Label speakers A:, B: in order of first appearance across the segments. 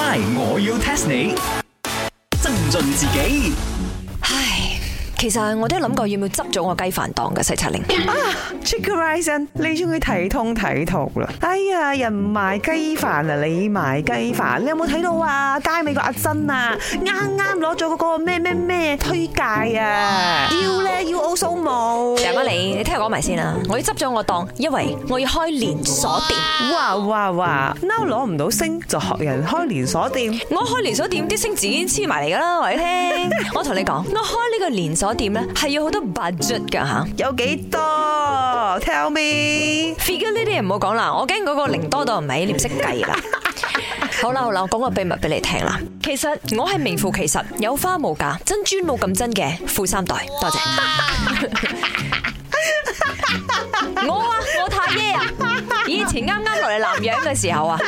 A: 我要 test 你，增進自己。唉，
B: 其實我都諗過要唔要執咗我雞飯檔嘅西茶玲
A: 啊！Chick Rising 你中意睇通睇圖啦？哎呀，人賣雞飯啊，你賣雞飯，你有冇睇到啊？街尾個阿珍啊，啱啱攞咗嗰個咩咩咩推介啊！
B: 你聽我講埋先啦，我要執咗我檔，因為我要開連鎖店,店。哇哇哇，Now 攞唔到星就學人開連鎖店,我連鎖店我我？我開連鎖店啲星自己黐埋嚟噶啦，我哋聽。我同你講，我開呢個連鎖店咧係要好多 budget 噶吓。有幾多？Tell me。figure 呢啲嘢唔好講啦，我驚嗰個零多到唔係，你唔識計啦。好啦好啦，我講個秘密俾你聽啦。其實我係名副其實，有花無假，真珠冇咁真嘅富三代。多謝,謝。 我啊，我太耶啊！前啱啱嚟南洋嘅時候啊，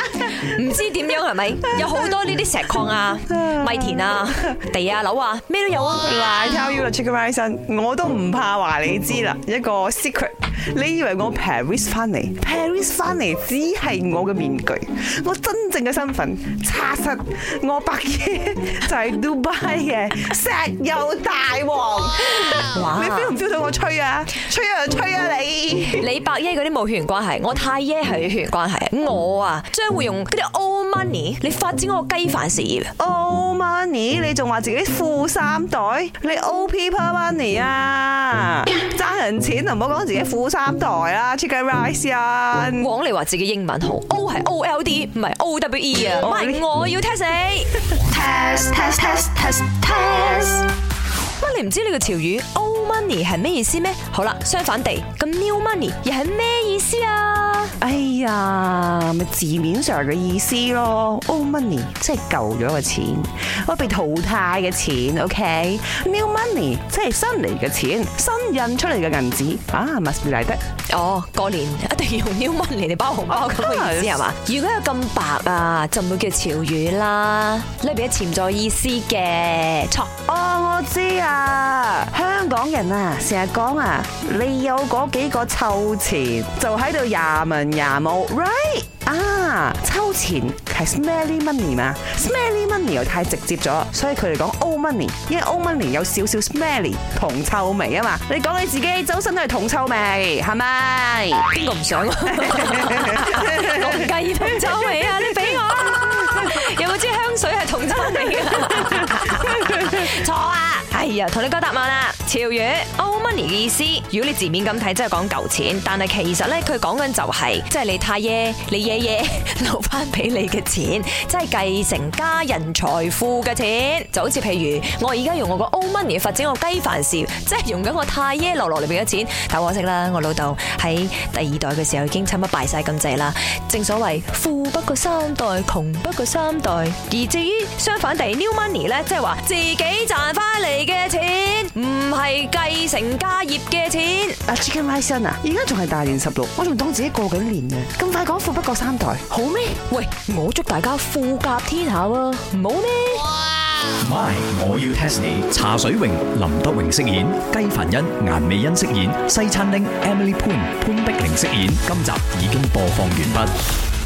B: 唔知點樣係咪？有好多呢啲石礦啊、米田啊、地啊、樓啊，咩都有啦。Tell
A: you the truth，我都唔怕話你知啦，一個 secret。你以為我 Paris 翻嚟？Paris 翻嚟只係我嘅面具，我真正嘅身份，查實我白衣就係 Dubai 嘅石油大
B: 王。你 feel 唔 feel 到我吹啊？吹啊吹啊你！你伯爺嗰啲冇血緣關係，我太爺係血緣關係啊！我啊，將會用嗰啲 all money 你發展我雞飯事業。all money 你仲話自己富三代？你 owe people money 啊，爭人錢就唔好講自己富三代啊！出街 rise 人，枉你話自己英文好，O 係 O L D，唔係 O W E 啊！唔係我要 test 你，test test test test。乜你唔知呢個潮語 old money 係咩意思咩？好啦，相反地，咁 new money 又係咩意思啊？哎呀，咪、就、字、是、面上嘅意思咯，old money
A: 即係舊咗嘅錢，我被淘汰嘅錢，OK？new money 即
B: 係新嚟嘅錢，新印出嚟嘅銀紙啊，must be 得哦，過年一定要用 new money 嚟包紅包咁樣知係嘛？然吧如果有咁白啊，就唔會叫潮語啦，呢邊有潛在意思嘅，錯哦，我知啊。港人啊，成日講啊，
A: 你有嗰幾個臭錢，就喺度廿文廿武，right 啊，秋錢臭錢係 smelly money 嘛，smelly money 又太直接咗，所以佢哋講 old money，因為 old money 有少少 smelly 銅臭味啊嘛，你講你自己周身都係銅臭味，係咪？邊個唔
B: 想啊？ 我唔介意銅臭味啊，你俾我 有冇支香水係銅臭味啊？同你個答案啦，潮語 old money 嘅意思，如果你字面咁睇，即係講舊錢，但係其實咧佢講緊就係、是，即係你太爺，你爺爺留翻俾你嘅錢，即係繼承家人財富嘅錢，就好似譬如我而家用我個 old money 發展我雞飯事業，即係用緊我太爺落落嚟邊嘅錢，但可惜啦，我老豆喺第二代嘅時候已經差唔多敗晒咁滯啦，正所謂富不過三代，窮不過三代，而至於相反地 new money 咧，即係話自己賺翻嚟嘅嘅錢唔係繼承家業嘅錢。
A: 啊 r i s i n 啊，而家仲係大年十六，我仲
B: 當自己過幾年嘅，咁快講富不過三代，好咩嗎？喂，我祝大家富甲天下喎，啊，唔好咩？哇！MY，我要 Test 你。茶水榮、林德榮飾演，雞凡欣、顏美欣飾演，西餐廳 Emily Poon，潘碧玲飾演。今集已經播放完畢。